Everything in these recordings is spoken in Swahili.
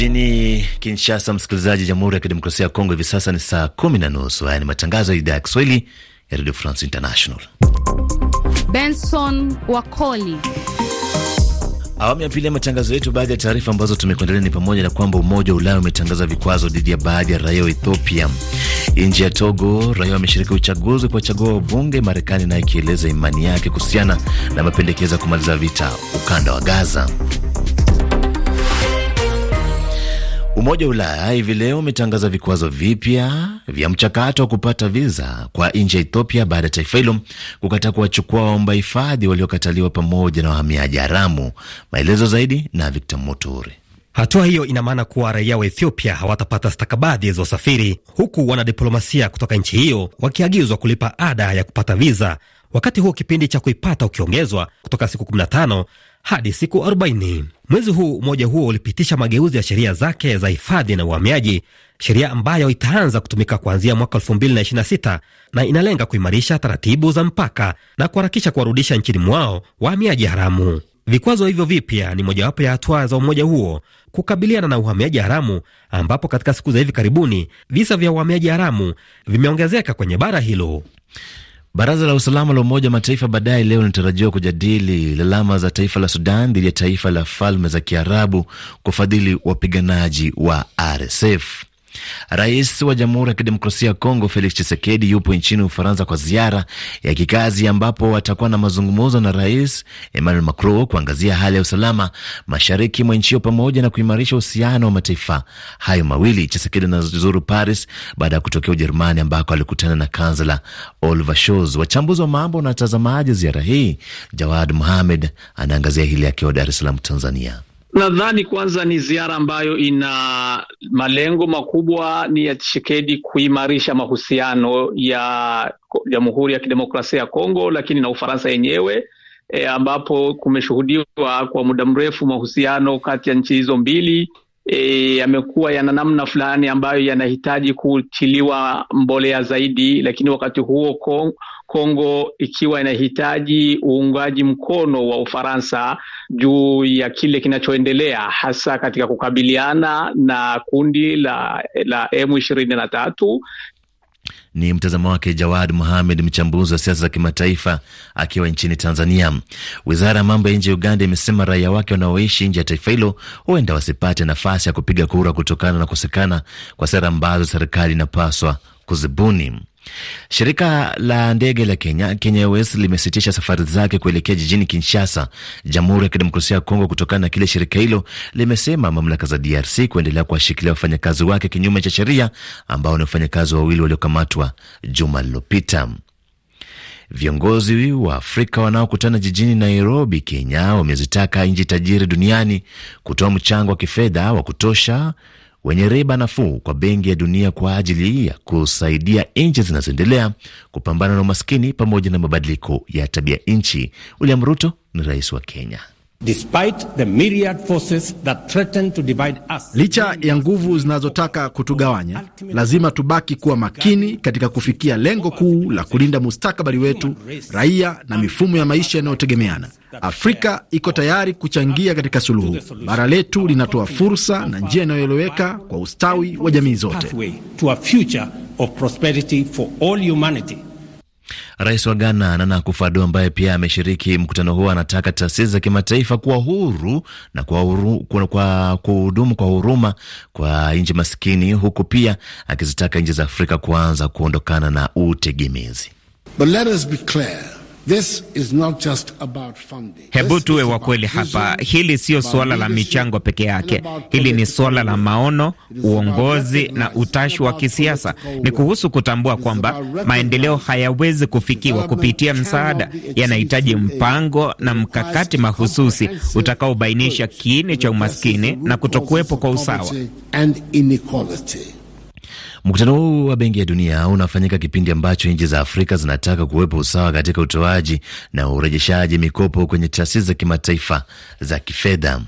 Mjini Kinshasa, msikilizaji, Jamhuri ya Kidemokrasia ya Kongo, hivi sasa ni saa kumi na nusu. Haya ni matangazo ya idhaa ya Kiswahili ya Radio France International. Benson Wakoli. Awamu ya pili ya matangazo yetu. Baadhi ya taarifa ambazo tumekuendelea ni pamoja na kwamba Umoja wa Ulaya umetangaza vikwazo dhidi ya baadhi ya raia wa Ethiopia. Nchi ya Togo, raia wameshiriki uchaguzi kwa wabunge, Marekani nayo ikieleza imani yake kuhusiana na mapendekezo ya kumaliza vita ukanda wa Gaza. Umoja wa Ulaya hivi leo umetangaza vikwazo vipya vya mchakato wa kupata viza kwa nchi ya Ethiopia baada ya taifa hilo kukataa kuwachukua waomba hifadhi waliokataliwa pamoja na wahamiaji haramu. Maelezo zaidi na Victor Moturi. Hatua hiyo ina maana kuwa raia wa Ethiopia hawatapata stakabadhi za usafiri, huku wanadiplomasia kutoka nchi hiyo wakiagizwa kulipa ada ya kupata viza, wakati huo kipindi cha kuipata ukiongezwa kutoka siku 15 hadi siku 40. Mwezi huu umoja huo ulipitisha mageuzi ya sheria zake za hifadhi na uhamiaji, sheria ambayo itaanza kutumika kuanzia mwaka 2026 na inalenga kuimarisha taratibu za mpaka na kuharakisha kuwarudisha nchini mwao wahamiaji haramu. Vikwazo hivyo vipya ni mojawapo ya hatua za umoja huo kukabiliana na uhamiaji haramu, ambapo katika siku za hivi karibuni visa vya uhamiaji haramu vimeongezeka kwenye bara hilo. Baraza la usalama la Umoja wa Mataifa baadaye leo linatarajiwa kujadili lalama za taifa la Sudan dhidi ya taifa la Falme za Kiarabu kufadhili wapiganaji wa RSF. Rais wa Jamhuri ya Kidemokrasia ya Kongo Felix Tshisekedi yupo nchini Ufaransa kwa ziara ya kikazi ambapo atakuwa na mazungumzo na Rais Emmanuel Macron kuangazia hali ya usalama mashariki mwa nchi hiyo pamoja na kuimarisha uhusiano wa mataifa hayo mawili. Tshisekedi anazuru Paris baada ya kutokea Ujerumani ambako alikutana na kansela Olaf Scholz. Wachambuzi wa mambo na watazamaji ziara hii, Jawad Mohamed anaangazia hili akiwa Dar es Salaam, Tanzania. Nadhani kwanza ni ziara ambayo ina malengo makubwa, ni ya Tshisekedi kuimarisha mahusiano ya Jamhuri ya, ya Kidemokrasia ya Kongo lakini na Ufaransa yenyewe e, ambapo kumeshuhudiwa kwa muda mrefu mahusiano kati ya nchi hizo mbili e, yamekuwa yana namna fulani ambayo yanahitaji kutiliwa mbolea zaidi, lakini wakati huo Kong, Kongo ikiwa inahitaji uungaji mkono wa Ufaransa juu ya kile kinachoendelea hasa katika kukabiliana na kundi la la M ishirini na tatu ni mtazamo wake Jawad muhamed mchambuzi wa siasa za kimataifa akiwa nchini Tanzania. Wizara ya mambo ya nje ya Uganda imesema raia wake wanaoishi nje ya taifa hilo huenda wasipate nafasi ya kupiga kura kutokana na kukosekana kwa sera ambazo serikali inapaswa kuzibuni. Shirika la ndege la Kenya, Kenya Airways, limesitisha safari zake kuelekea jijini Kinshasa, Jamhuri ya Kidemokrasia ya Kongo, kutokana na kile shirika hilo limesema mamlaka za DRC kuendelea kuwashikilia wafanyakazi wake kinyume cha sheria, ambao ni wafanyakazi wawili waliokamatwa juma lililopita. Viongozi wa Afrika wanaokutana jijini Nairobi, Kenya, wamezitaka nchi tajiri duniani kutoa mchango wa kifedha wa kutosha wenye riba nafuu kwa Benki ya Dunia kwa ajili ya kusaidia nchi zinazoendelea kupambana na umaskini pamoja na mabadiliko ya tabia nchi. William Ruto ni rais wa Kenya. Despite the myriad forces that threaten to divide us. Licha ya nguvu zinazotaka kutugawanya, lazima tubaki kuwa makini katika kufikia lengo kuu la kulinda mustakabali wetu, raia na mifumo ya maisha yanayotegemeana. Afrika iko tayari kuchangia katika suluhu. Bara letu linatoa fursa na njia inayoeleweka kwa ustawi wa jamii zote. Rais wa Ghana Nana Akufo-Addo ambaye pia ameshiriki mkutano huo anataka taasisi za kimataifa kuwa huru na kuhudumu kwa huruma kwa nchi maskini, huku pia akizitaka nchi za Afrika kuanza kuondokana na utegemezi. But let us be clear. Hebu tuwe wa kweli hapa, hili siyo suala la michango peke yake. Hili ni suala la maono, uongozi na utashi wa kisiasa. Ni kuhusu kutambua kwamba maendeleo hayawezi kufikiwa kupitia msaada, yanahitaji mpango na mkakati mahususi utakaobainisha kiini cha umaskini na kutokuwepo kwa usawa and inequality. Mkutano huu wa Benki ya Dunia unafanyika kipindi ambacho nchi za Afrika zinataka kuwepo usawa katika utoaji na urejeshaji mikopo kwenye taasisi za kimataifa za kifedha.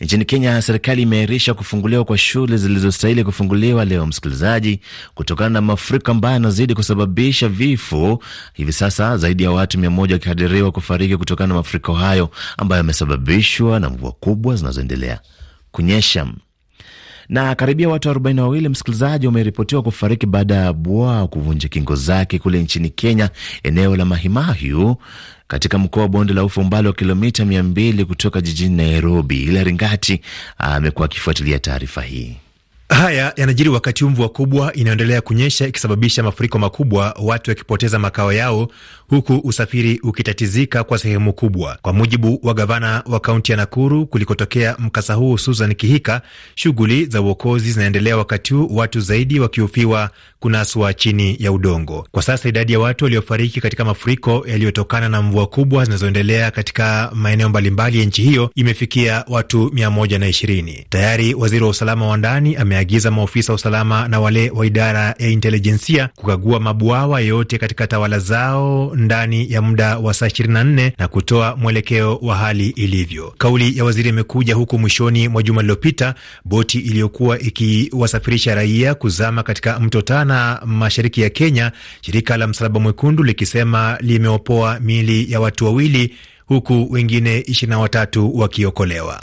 Nchini Kenya, serikali imeahirisha kufunguliwa kwa shule zilizostahili kufunguliwa leo, msikilizaji, kutokana na mafuriko ambayo yanazidi kusababisha vifo. Hivi sasa zaidi ya watu mia moja wakikadiriwa kufariki kutokana na mafuriko hayo ambayo yamesababishwa na mvua kubwa zinazoendelea kunyesha. Na karibia watu 42 msikilizaji, wameripotiwa kufariki baada ya bwawa kuvunja kingo zake kule nchini Kenya, eneo la mahimahyu katika mkoa wa bonde la ufa umbali wa kilomita 200 kutoka jijini Nairobi. Ila Ringati ah, amekuwa akifuatilia taarifa hii. Haya yanajiri wakati mvua kubwa inayoendelea kunyesha ikisababisha mafuriko makubwa, watu wakipoteza makao yao, huku usafiri ukitatizika kwa sehemu kubwa. Kwa mujibu wa gavana wa kaunti ya Nakuru kulikotokea mkasa huu, Susan Kihika, shughuli za uokozi zinaendelea wakati huu, watu zaidi wakihofiwa kunaswa chini ya udongo. Kwa sasa idadi ya watu waliofariki katika mafuriko yaliyotokana na mvua kubwa zinazoendelea katika maeneo mbalimbali ya nchi hiyo imefikia watu 120. Tayari waziri wa usalama wa ndani ame imeagiza maofisa wa usalama na wale wa idara ya intelijensia kukagua mabwawa yote katika tawala zao ndani ya muda wa saa 24 na kutoa mwelekeo wa hali ilivyo. Kauli ya waziri imekuja huku mwishoni mwa juma lililopita boti iliyokuwa ikiwasafirisha raia kuzama katika mto Tana mashariki ya Kenya, shirika la Msalaba Mwekundu likisema limeopoa miili ya watu wawili huku wengine 23 wakiokolewa.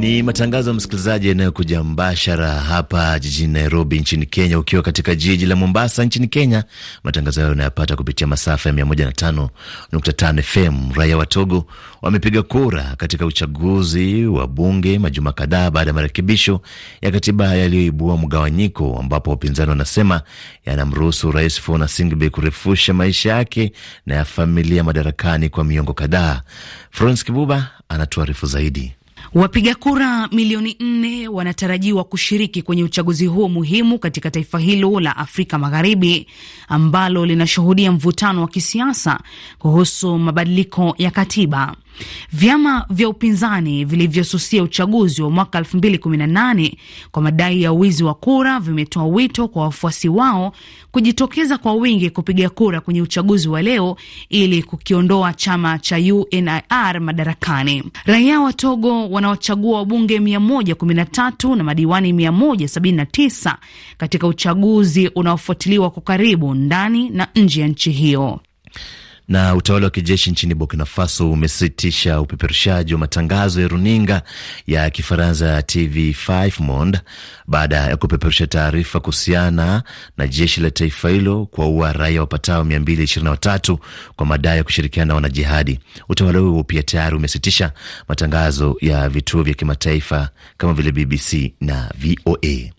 Ni matangazo ya msikilizaji yanayokuja mbashara hapa jijini Nairobi nchini Kenya. Ukiwa katika jiji la Mombasa nchini Kenya, matangazo hayo unayapata kupitia masafa ya 105.5 FM. Raia wa Togo wamepiga kura katika uchaguzi wa bunge majuma kadhaa baada ya marekebisho ya katiba yaliyoibua mgawanyiko, ambapo wapinzani wanasema yanamruhusu Rais Fona Singbe kurefusha maisha yake na ya familia madarakani kwa miongo kadhaa. Franc Kibuba anatuarifu zaidi. Wapiga kura milioni nne wanatarajiwa kushiriki kwenye uchaguzi huo muhimu katika taifa hilo la Afrika Magharibi ambalo linashuhudia mvutano wa kisiasa kuhusu mabadiliko ya katiba. Vyama vya upinzani vilivyosusia uchaguzi wa mwaka 2018 kwa madai ya wizi wa kura vimetoa wito kwa wafuasi wao kujitokeza kwa wingi kupiga kura kwenye uchaguzi wa leo ili kukiondoa chama cha UNIR madarakani. Raia wa Togo wanaochagua wabunge 113 na madiwani 179 katika uchaguzi unaofuatiliwa kwa karibu ndani na nje ya nchi hiyo. Na utawala wa kijeshi nchini Burkina Faso umesitisha upeperushaji wa matangazo ya runinga ya Kifaransa ya TV5 Monde baada ya kupeperusha taarifa kuhusiana na jeshi la taifa hilo kuwaua raia wapatao 223 kwa madai ya kushirikiana na wanajihadi. Utawala huo pia tayari umesitisha matangazo ya vituo vya kimataifa kama vile BBC na VOA.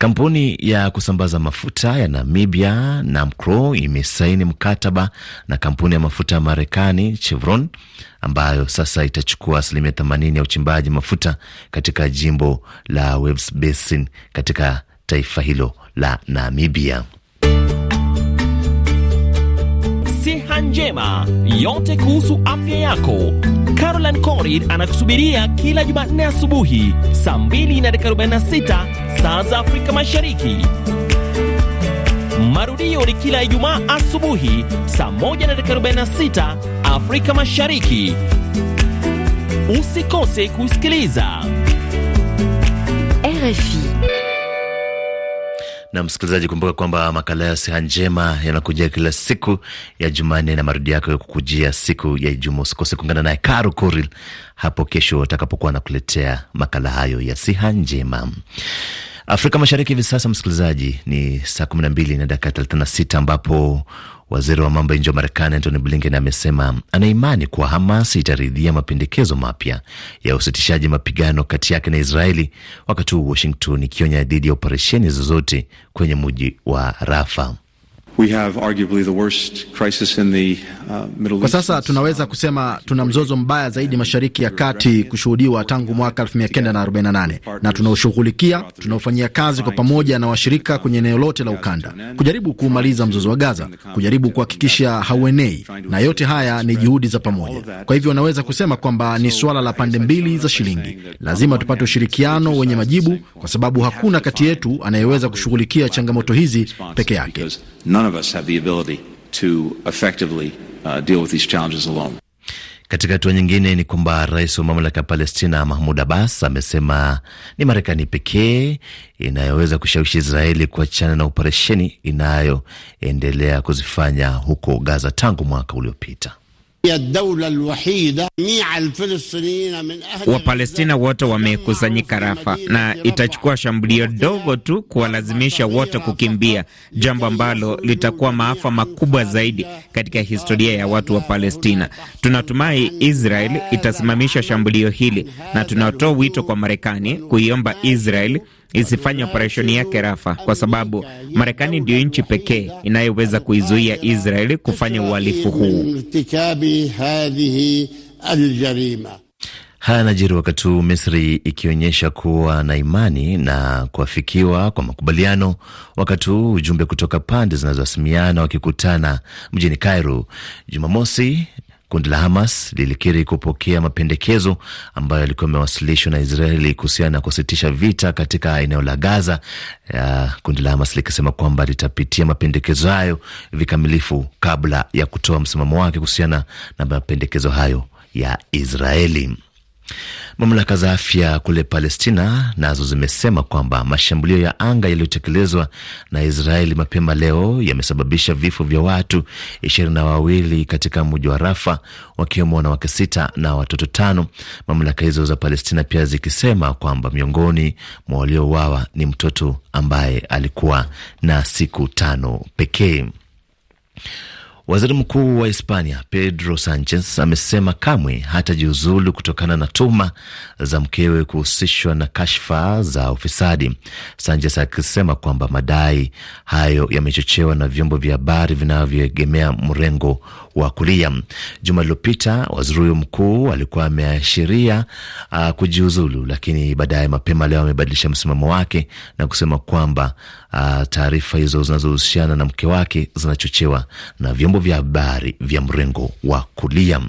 Kampuni ya kusambaza mafuta ya Namibia namcro imesaini mkataba na kampuni ya mafuta ya Marekani Chevron ambayo sasa itachukua asilimia 80 ya uchimbaji mafuta katika jimbo la West Basin katika taifa hilo la Namibia siha njema, yote kuhusu afya yako. carolin Corid anakusubiria kila Jumanne asubuhi saa 246 saa za Afrika Mashariki. Marudio ni kila Ijumaa asubuhi saa 146 Afrika Mashariki. Usikose kusikiliza RFI. Na msikilizaji, kumbuka kwamba makala ya siha njema yanakujia kila siku ya Jumanne na yako ya kukujia siku ya Ijumaa. Usikose kuungana naye Karo Koril hapo kesho atakapokuwa anakuletea makala hayo ya siha njema. Afrika Mashariki hivi sasa, msikilizaji, ni saa 12 na dakika 36 ambapo Waziri wa mambo ya nje wa Marekani Antony Blinken amesema anaimani kuwa Hamas itaridhia mapendekezo mapya ya usitishaji mapigano kati yake na Israeli, wakati huu Washington ikionya dhidi ya operesheni zozote kwenye mji wa Rafa. Uh, kwa sasa tunaweza kusema tuna mzozo mbaya zaidi Mashariki ya Kati kushuhudiwa tangu mwaka 1948 na tunaoshughulikia, tunaofanyia kazi kwa pamoja na washirika kwenye eneo lote la ukanda, kujaribu kuumaliza mzozo wa Gaza, kujaribu kuhakikisha hauenei, na yote haya ni juhudi za pamoja. Kwa hivyo naweza kusema kwamba ni suala la pande mbili za shilingi. Lazima tupate ushirikiano wenye majibu, kwa sababu hakuna kati yetu anayeweza kushughulikia changamoto hizi peke yake none of us have the ability to effectively uh, deal with these challenges alone. Katika hatua nyingine ni kwamba rais wa mamlaka ya Palestina Mahmud Abbas amesema ni Marekani pekee inayoweza kushawishi Israeli kuachana na operesheni inayoendelea kuzifanya huko Gaza tangu mwaka uliopita. Wapalestina wote wamekusanyika Rafa na itachukua shambulio dogo tu kuwalazimisha wote kukimbia, jambo ambalo litakuwa maafa makubwa zaidi katika historia ya watu wa Palestina. Tunatumai Israel itasimamisha shambulio hili na tunatoa wito kwa Marekani kuiomba Israel isifanye operesheni yake Rafa, kwa sababu Marekani ndiyo nchi pekee inayoweza kuizuia Israeli kufanya uhalifu huu. Haya yanajiri wakati huu Misri ikionyesha kuwa na imani na kuafikiwa kwa makubaliano, wakati huu ujumbe kutoka pande zinazohasimiana wakikutana mjini Cairo Jumamosi Kundi la Hamas lilikiri kupokea mapendekezo ambayo yalikuwa yamewasilishwa na Israeli kuhusiana na kusitisha vita katika eneo la Gaza. kundi la Hamas likisema kwamba litapitia mapendekezo hayo vikamilifu kabla ya kutoa msimamo wake kuhusiana na mapendekezo hayo ya Israeli. Mamlaka za afya kule Palestina nazo zimesema kwamba mashambulio ya anga yaliyotekelezwa na Israeli mapema leo yamesababisha vifo vya watu ishirini na wawili katika mji wa Rafa, wakiwemo wanawake sita na watoto tano, mamlaka hizo za Palestina pia zikisema kwamba miongoni mwa waliouawa ni mtoto ambaye alikuwa na siku tano pekee. Waziri mkuu wa Hispania Pedro Sanchez amesema kamwe hatajiuzulu kutokana na tuhuma za mkewe kuhusishwa na kashfa za ufisadi, Sanchez akisema kwamba madai hayo yamechochewa na vyombo vya habari vinavyoegemea mrengo wa kulia. Juma lililopita waziri huyo mkuu alikuwa ameashiria uh, kujiuzulu, lakini baadaye mapema leo amebadilisha msimamo wake na kusema kwamba Ah, taarifa hizo zinazohusiana na mke wake zinachochewa na vyombo vya habari vya mrengo wa kulia.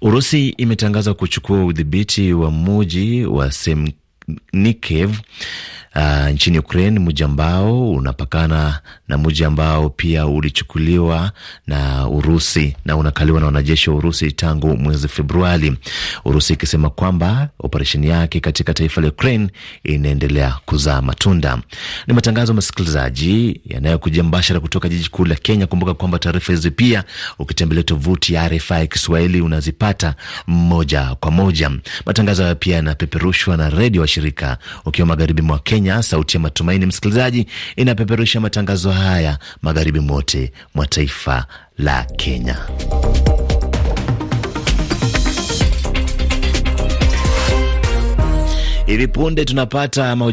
Urusi imetangaza kuchukua udhibiti wa muji wa Semnikev Uh, ah, nchini Ukraine, mji ambao unapakana na mji ambao pia ulichukuliwa na Urusi na unakaliwa na wanajeshi wa Urusi tangu mwezi Februari, Urusi ikisema kwamba operesheni yake katika taifa la Ukraine inaendelea kuzaa matunda. Ni matangazo masikilizaji, yanayokuja mbashara kutoka jiji kuu la Kenya. Kumbuka kwamba taarifa hizi pia ukitembelea tovuti ya RFI Kiswahili unazipata moja kwa moja. Matangazo hayo pia yanapeperushwa na redio wa shirika Ukiwa magharibi mwa Kenya, Sauti ya Matumaini msikilizaji inapeperusha matangazo haya magharibi mote mwa taifa la Kenya. Hivi punde tunapata mahojiano